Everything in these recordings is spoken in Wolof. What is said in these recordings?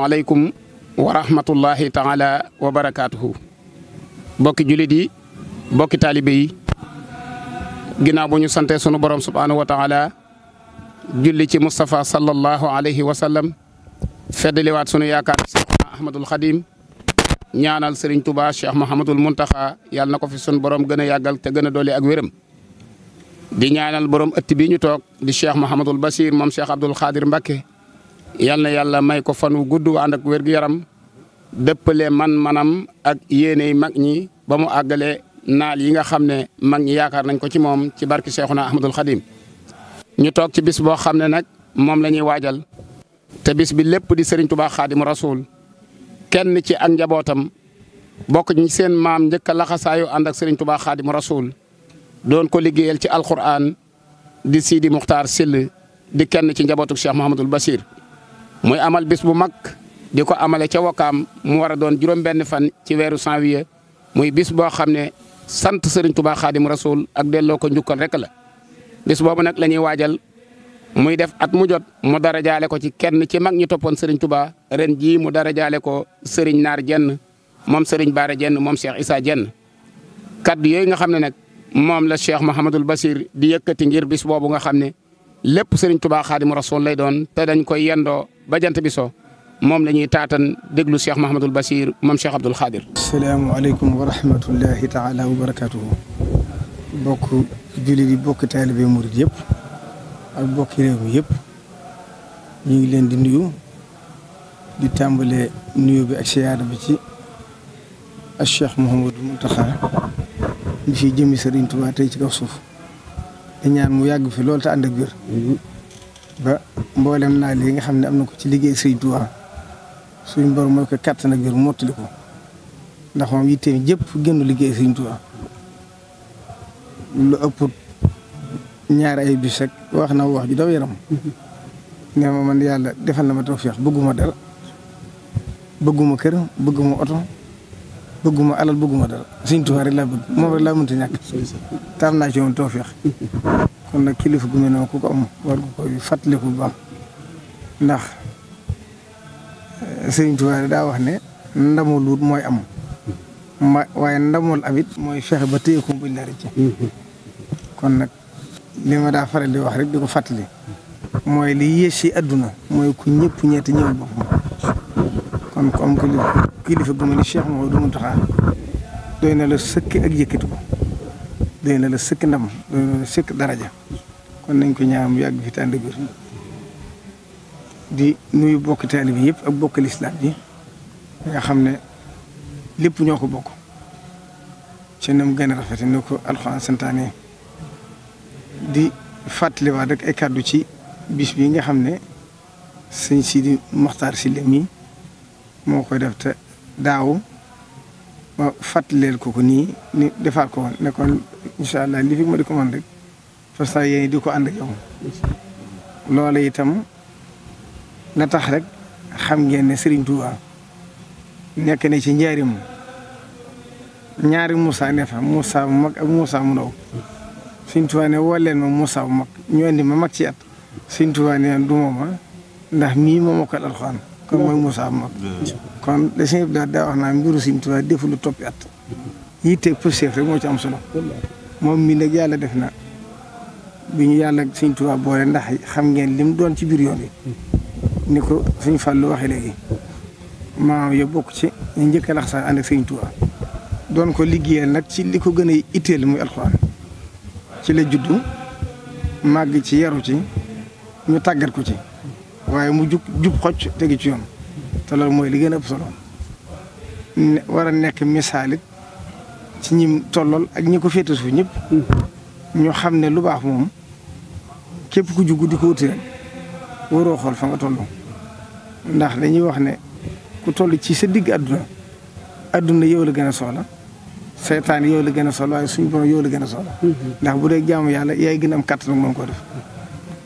asalaamaaleykum wa rahmatullahi taala wa barakaatuhu bokki jullit yi bokki taalibe yi ginnaaw bu ñu sante sunu borom subhaanahu wa taala julli ci Moustapha sallallahu alayhi wa sallam feddaliwaat sunu yaakaar Seexna Ahmadul Xadim ñaanal Serigne Touba Cheikh Mouhamadul Mountakha yàlla na ko fi sunu borom gën a yàggal te gën a doole ak wéram. di ñaanal borom ëtt bi ñu toog di Cheikh Mouhamadul Basir moom Cheikh Abdoul Khadir Mbacké yal na yàlla may ko fan wu gudd wu ànd ak wér-gu-yaram dëppale man-manam ak yéene mag ñi ba mu àggale naal yi nga xam ne mag ñi yaakaar nañ ko ci moom ci barki Seexuna Ahmadul Xadim ñu toog ci bis boo xam ne nag moom la ñuy waajal te bis bi lépp di Serigne Touba Xaadimu Rasuul kenn ci ak njabootam bokk ñi seen maam njëkk a laxasaayu ànd ak Serigne Touba Xaadimu Rasuul doon ko liggéeyal ci alquran di Sidi Muxtaar Sill di kenn ci njabootu Cheikh Mouhamadul Basir. muy amal bis bu mag di ko amale ca wokaam mu war a doon juróom-benn fan ci weeru janvier muy bis boo xam ne sant Serigne Touba Khadim Rasoul ak delloo ko njukkal rek la. bis boobu nag la ñuy waajal muy def at mu jot mu dara jaale ko ci kenn ci mag ñi toppoon Serigne Touba ren jii mu dara jaale ko Serigne Naar jenn moom Serigne Baara jenn moom Cheikh Issa jenn kaddu yooyu nga xam ne nag moom la Cheikh Mouhamadul Bachir di yëkkati ngir bis boobu nga xam ne. lépp sëriñ tubaa xaadimu rasul lay doon te dañ koy yendoo ba jant bi so moom la ñuy taatan déglu cheikh mahamadul basir moom cheikh abdul xaadir asalaamualeykum wa rahmatullahi taala wa barakatuhu bokk julli di bokk taalibe murid yëpp ak bokki réew mi yëpp ñu ngi leen di nuyu di tàmbale nuyu bi ak siyaara bi ci ak cheikh mahamadul muntaxa ñu fi jëmi sëriñ tubaa tey ci kaw suuf di ñaan mu yàgg fi loolu te ànd ak biir ba mboolem naa li nga xam ne am na ko ci liggéey Sëriñ Tuubaa suñ borom mooy ko kàttan ak biir mottali ko ndax moom yitteem jëpp génn liggéey Sëriñ Tuubaa lu ëpp ñaar ay bis rek wax na wax ju daw yaram ne ma man yàlla defal na ma tawfeex bëgguma dara bëgguma kër bëgguma oto bëgguma alal bëgguma dara Sëriñ Tuubaa rek laa bëgg moom rek laa mënta ñàkk te naa ci woon tawfeex kon nag kilifa gu mel noonu ku ko am bu baax ndax eh, daa wax ne ndamul wut mooy am ma waaye ndamul amit mooy fexe ba téye ko buñ kon nag li daa faral di wax rek di ko fàttali mooy li yées àdduna mooy ku am ko kilifa gu ma ni Cheikh Mouhamadou Mountakha doy na la sëkk ak yëkkati ko doy na la sëkk ndam doy na sëkk daraja kon nañ ko ñaam yàgg fi tànd biir di nuyu bokk taalibe bi yëpp ak bokk lislaam bi nga xam ne lépp ñoo ko bokk ci nam gën a rafete ni ko alxuraan santaane di fàttaliwaat rek ay kàddu ci bis bi nga xam ne sëñ Sidi Moxtaar Sylla mii moo koy def te daaw ma fàttaleel ko ko nii ni defaat ko woon ne kon incha allah li ma di ko mën rek fas naa yéene di ko ànd ak loola itam la tax rek xam ngeen ne Serigne nekk ne ci njaarim ñaari Moussa ne fa Moussa bu mag ak Moussa mu ndaw Serigne ne woo ma Moussa bu mag ñu andi ma mag ci at Serigne Touba ne du ma ma ndax mii moo mokkal alxuraan kon mooy Moussa Ahmad kon le sëñ bi daa wax naa mbiru sëñ Tuubaa defu lu toppi at yitte pëseef rek moo ci am solo moom mii nag yàlla def na bi ñu yàlla sëñ Tuubaa boole ndax xam ngeen lim doon ci biir yoon yi ni ko sëñ Fàllu waxee léegi maam yo bokk ci ñu njëkk a lax ak sëñ Tuubaa doon ko liggéeyal nag ci li ko gën a itteel muy alxuraan ci la juddu màgg ci yaru ci ñu tàggat ko ci waaye mu jub jub xocc tegi ci yoon te mooy li gën a ëpp solo war a nekk misaalit ci ñim tollol ak ñi ko féete suuf ñëpp ñu xam ne lu baax moom képp ku jugg di ko wuti rek waroo xool fa nga toll ndax dañuy wax ne ku toll ci sa digg àdduna àdduna yow la gën a soxla seytaan yow la gën a soxla waaye suñu borom yow la gën a soxla mm-hmm. ndax bu dee jaamu yàlla yaay gën a am kàttan ak moom koo def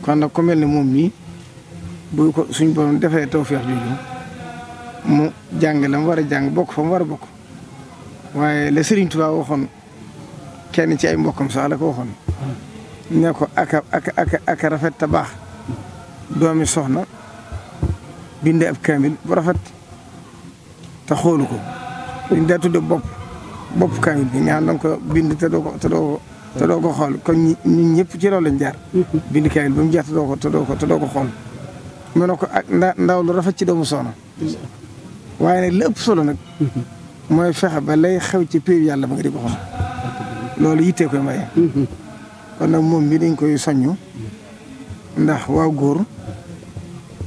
kon nag ku mel ne moom mii bu ko suñ borom defee feex bi mu jàng la mu war a jàng bokk fa mu war a bokk waaye la Serigne Touba waxoon kenn ci ay mbokkam sax la ko waxoon ne ko aka aka aka rafet te baax doomi soxna bind ab kaamil bu rafet te xoolu ko dañ daa tudde bopp bopp kaamil bi ñaan xam ko bind te doo ko te doo ko xool kon ñun ñëpp ci loolu lañ jaar bind kaamil ba mu jaar te ko te doo te doo ko xool mu ne ko ak ah, ndaw lu rafet ci doomu soxna waaye nag li solo nag mooy fexe ba lay xew ci péew yàlla ba nga di ko xam loolu yittee koy maye kon nag moom mi dañ koy soññu ndax waa góor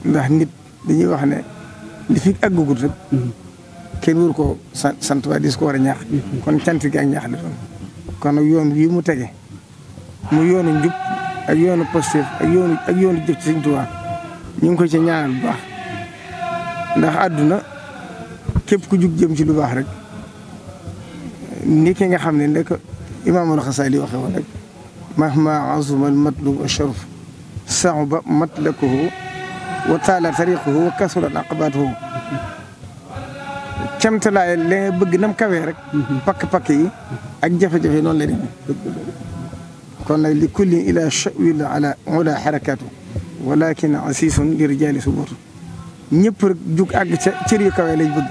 ndax nit dañuy wax ne li fi àggagut rek kenn wër ko sant waaye dis ko war a ñaax kon cant gi ak ñaax la doon kon nag yoon wii mu tege mu yoonu njub ak yoonu positif ak yoonu ak yoonu jëf ci Sëñ Tuubaa ñu ngi ko ci ñaanal bu baax ndax àdduna képp ku jug jëm ci lu baax rek ni ki nga xam ne ndek imaamul xasaali waxe woon rek mahma azuma al matlub asharf saxuba matlakuhu wa taala tariquhu wa kasurat aqabatuhu camtalaay li bëgg nam kawee rek pakk-pakk yi ak jafe-jafe noonu la demee kon nag li kulli ila chawil ala ula xarakatu walakin asisun li rijaali subuur ñëpp rek jug àgg cër yu kawe lañ bëgg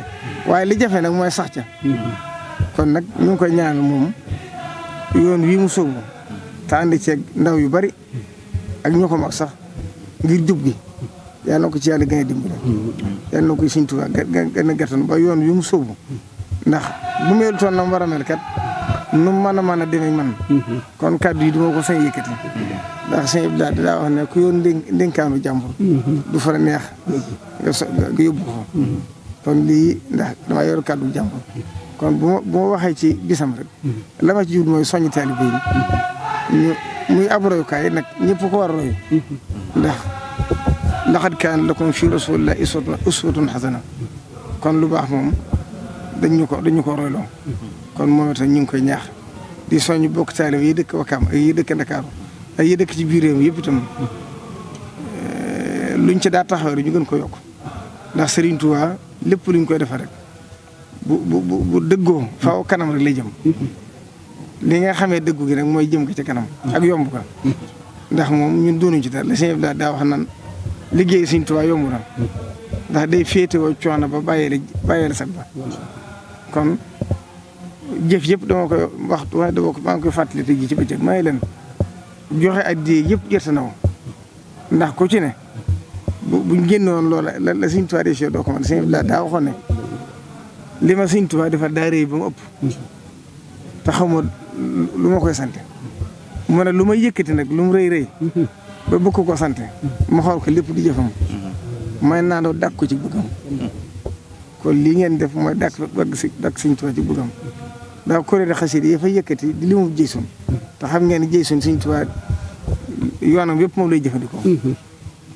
waaye li jafe nag mooy sax ca kon nag ñu ngi koy ñaanal moom yoon wii mu sóobu te ànd ceeg ndaw yu bari ak ñu ko mag sax ngir jub gi yal na ci yàlla gën a dimbale yal na ko Sëriñ Tuubaa gën a gàttan ba yoon wi mu sóobu ndax bu melu toon na war a mel kat nu mën a mën a demee man mm-hmm. kon kàddu yi duma ko sañ yëkkati ndax sëñ Abdoulaye daa wax ne ku yoon ndénkaanu jàmbur. Mm-hmm. du fa neex. nga so nga yóbbu ko mm-hmm. kon lii ndax damaa yor kàddu jàmbur. kon bu ma waxee ci bisam rek. Mm-hmm. la ma ci jublu mooy soñ taalibe yi ñu muy ab royukaay nag ñëpp ko war a royu. ndax laqad kaana la fii rasuulillaahi uswatun hasana kon lu baax moom ñu ko dañu ko royloo. kon moom itam ñu ngi koy ñaax di soññ bokk taalibe yi dëkk Wakaam yi dëkk Ndakaaru. ak yi dëkk ci biir réew mi yëpp itam eh, luñ ci daa taxawee ñu ngeen ko yokk ndax Serigne Touba lépp luñ koy defar rek bu bu bu dëggoo faaw kanam rek lay jëm. li nga xamee dëggu gi nag mooy jëm ko ci kanam. ak yomb ko ndax moom ñun doonuñ ci dara la sëñ Abdoulaye daa wax nan liggéey Serigne Touba yomb na ndax day féetewoo coono ba bàyyee la bàyyee la sag ba kon jëf yëpp dama koy wax waaye dama ba maa koy fàttali te ji ci bëccëg may leen. joxe addiya yëpp jërte na ndax ku ci ne bu buñ woon loola la la Sëñ Tuubaa di doo daa waxoon ne li ma Sëñ Tuubaa defal daa rëy ba mu ëpp te xawma lu ma koy sante mu ne lu ma yëkkati nag lu mu rëy rëy ba bëgg ko sante ma xool ko lépp di jëfam may naandoo dàq ko ci bëggam kon lii ngeen def mooy dàq dàq Sëñ Tuubaa ci bëggam daa kuréel xasida yi fa yëkkati di li mu jësoon te xam ngeen ne Jeysoune Sëriñ Tuubaa yoonam yëpp moom lay jëfandikoo. Mhm.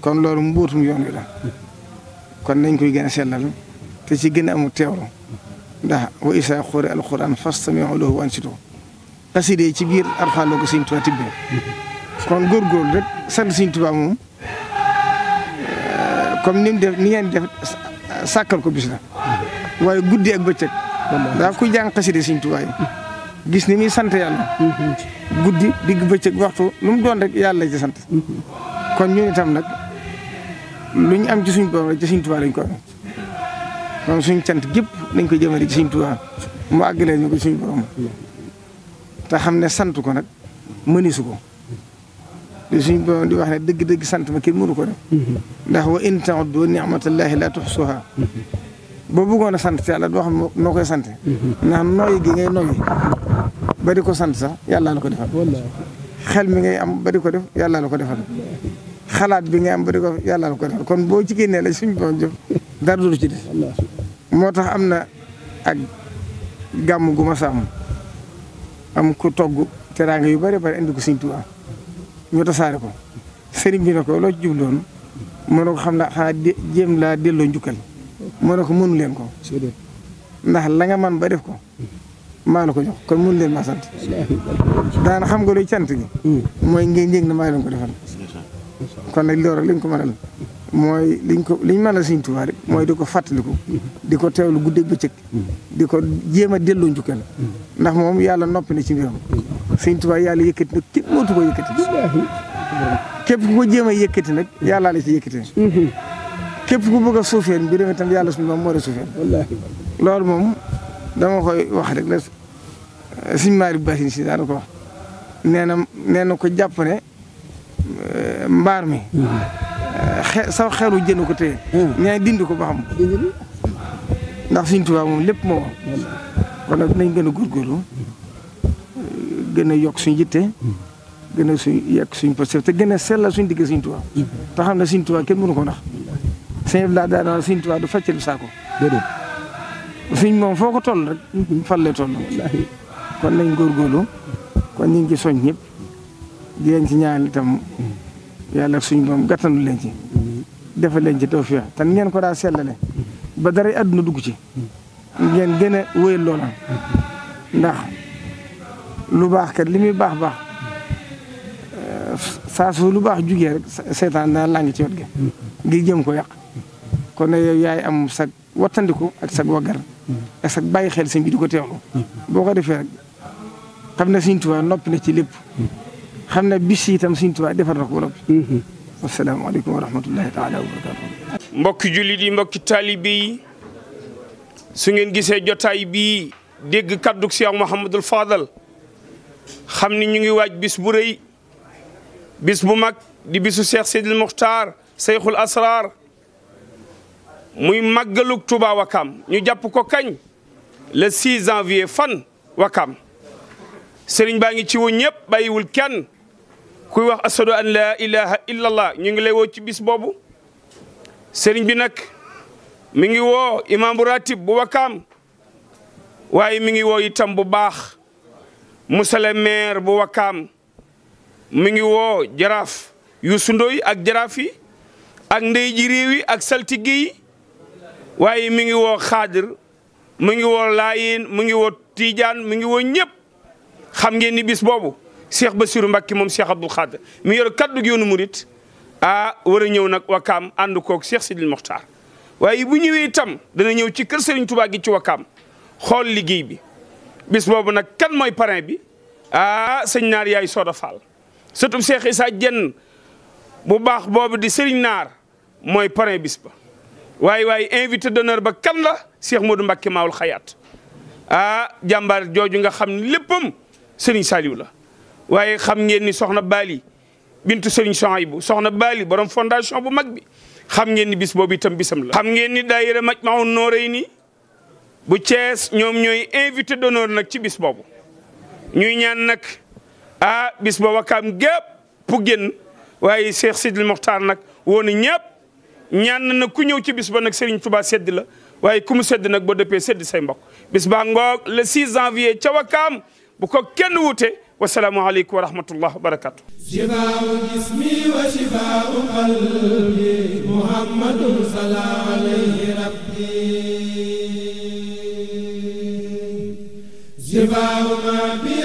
kon loolu mbuutum yoon wi la. kon nañ koy gën a sellal te ci gën a amul teewlu ndax wa isaa xuri alquran fastamiu lahu wa ansitu xaside ci biir alxuraan la ko Sëriñ Tuubaa kon góorgóorlu rek sant Sëriñ Tuubaa moom euh, ni ngeen def sàkkal ko bis la waaye guddi ak bëccëg daa kuy jàng xaside Sëriñ Tuubaa yi gis ni muy sant yàlla. guddi digg bëccëg waxtu lu mu doon rek yàlla ci sant. kon ñun itam nag lu ñu am ci suñ borom rek ci suñ Tuubaa lañ ko amee suñ cant gépp nañ ko jëmale ci suñ mu àggalee ñu ko suñ borom te xam ne sant ko nag mënisu ko. li suñ borom di wax ne dëgg-dëgg sant ma kenn mënu ko def. ndax wa in ta'uddu ni'matallahi la tuhsuha boo bëggoon a sant yàlla doo xam noo koy sante ndax nooyi gi ngay nooyi bari ko sant sax yàlla la ko defal xel mi ngay am bari ko def yàlla la ko defal xalaat bi ngay am ba ko yàlla ko defal kon boo ci génnee la suñu borom jëf dara du ci def moo tax am na ak gàmm gu ma sàmm am ku togg teraanga yu bari bari indi ko Sëriñ Tuubaa ñu tasaare ko sëriñ bi ne ko loo ci jubloon mënoo ko xam ne xanaa jéem laa delloo njukkal moo ne ko mënu leen ko ndax la nga man ba def ko maa la ko jox kon mënu leen ma sant daana xam nga luy cant gi hmm. mooy ngeen yëg na maa leen ko defal kon nag loolu liñ ko mënal mooy liñ ko liñ mënal Sëriñ Tuubaa mooy di ko ko di ko teewlu guddeeg bëccëg di ko jéem a delloo njukkal ndax moom yàlla noppi na ci mbiram Sëriñ Tuubaa yàlla yëkkati nag képp mootu ko yëkkati képp ku ko jéem a yëkkati nag yàllaa la ci yëkkati hmm. képp ku bëgg a suufeel mbir mi tam yàlla suñu moom moo di suufeel loolu moom dama koy wax rek ne suñu maari basin si daana ko wax nee na nee na ko jàpp ne eh, mbaar mi mm-hmm. eh, xe saw xeeru jënd ko téye nee mm. dindi ko ba xam ndax suñ tubaab moom lépp moo mm. kon nag dinañ gën a góorgóorlu mm. gën a yokk suñu yitte gën a suñ yekk suñ posté te gën a sellal suñ digg suñ tubaab te xam ne suñ tubaab kenn mënu ko ndax sëñ bi laa daanaka sëñ Tuubaa du fàcceel saako déedéet sëñ moom foo ko toll rek fan lay toll. kon nañ góorlu kon niñ ngi ci soñ ñëpp di leen ci ñaan itam yàlla suñu moom gàttanu leen ci. defal leen ci tawfiix te ngeen ko daa sellale ba dara àdduna dugg ci. ngeen gën a wéyal loola ndax lu baax kat li muy baax baax saa su lu baax jugee rek seetaan daa laa ngi ci wet gi mm-hmm. ngir jëm ko yàq. kon nag yow yaay am sag wattandiku ak sag waggar mm-hmm. ak sag bàyyi xel sëñ bi di mm-hmm. boo ko defee rek xam ne sëñ Tuubaa noppi na ci lépp mm-hmm. xam ne bis itam sëñ defar na ko ba noppi wasalaamaaleykum wa rahmatullahi taala wa mbokki jullit yi mbokki taalibe yi su ngeen gise jotaay bii dégg kaddug Cheikh Mouhamadul Fadal xam ni ñu ngi waaj bis bu rëy bu mag di bisu Cheikh Seydil Muxtaar Seyxul Asrar muy màggalug Touba Wakam ñu jàpp ko kañ le 6 janvier fan Wakam sëriñ baa ngi ci wu ñëpp bàyyiwul kenn kuy wax ashadu an la ilaha illallah ñu ngi lay woo ci bis boobu sëriñ bi nag mi ngi woo imam bu ratib bu Wakam waaye mi ngi woo itam bu baax monsieur le maire bu Wakam mi ngi woo jaraaf yu sundoy ak jaraafi ak ndey ji réew yi ak saltige yi waaye mi ngi woo xaadir mu ngi woo laayin mu ngi woo tiijaan mu ngi woo ñëpp xam ngeen ni bis boobu Cheikh Bassirou Mbacké moom Cheikh Abdou Khadr mi yor kaddu gi yoonu murit ah war a ñëw nag wakaam ànd koog Cheikh Sidil Mokhtar waaye bu ñëwee itam dana ñëw ci kër Serigne Touba gi ci wakaam xool liggéey bi bis boobu nag kan mooy parrain bi ah sëñ naar yaay Soda Fall sëtub Cheikh Issa Dieng bu baax boobu di Serigne Naar mooy parrain bis ba waaye waaye invité d'honneur ba kan la Cheikh Modou Mbacke Maawul Xayaat ah jàmbaar jooju nga xam ne léppam Serigne Saliou la waaye xam ngeen ni soxna Bali bintu Serigne bu soxna Bali borom fondation bu mag bi xam ngeen ni bis boobu itam bisam la. xam ngeen ni daayira Majmahun Nurayni bu Cees ñoom ñooy invité d'honneur nag ci bis boobu ñuy ñaan nag ah bis boobu kaam waaye Cheikh Sidil Mokhtar nag woon ñëpp. ñaan na ku ñëw ci bis ba nag Serigne Touba sedd la waaye ku mu sedd nag boo dëppee sedd say mbokk bis baa ngoog le 6 janvier ca Wakaam bu ko kenn wute wasalaamu aleykum wa rahmatullah wa barakatu wa shifaau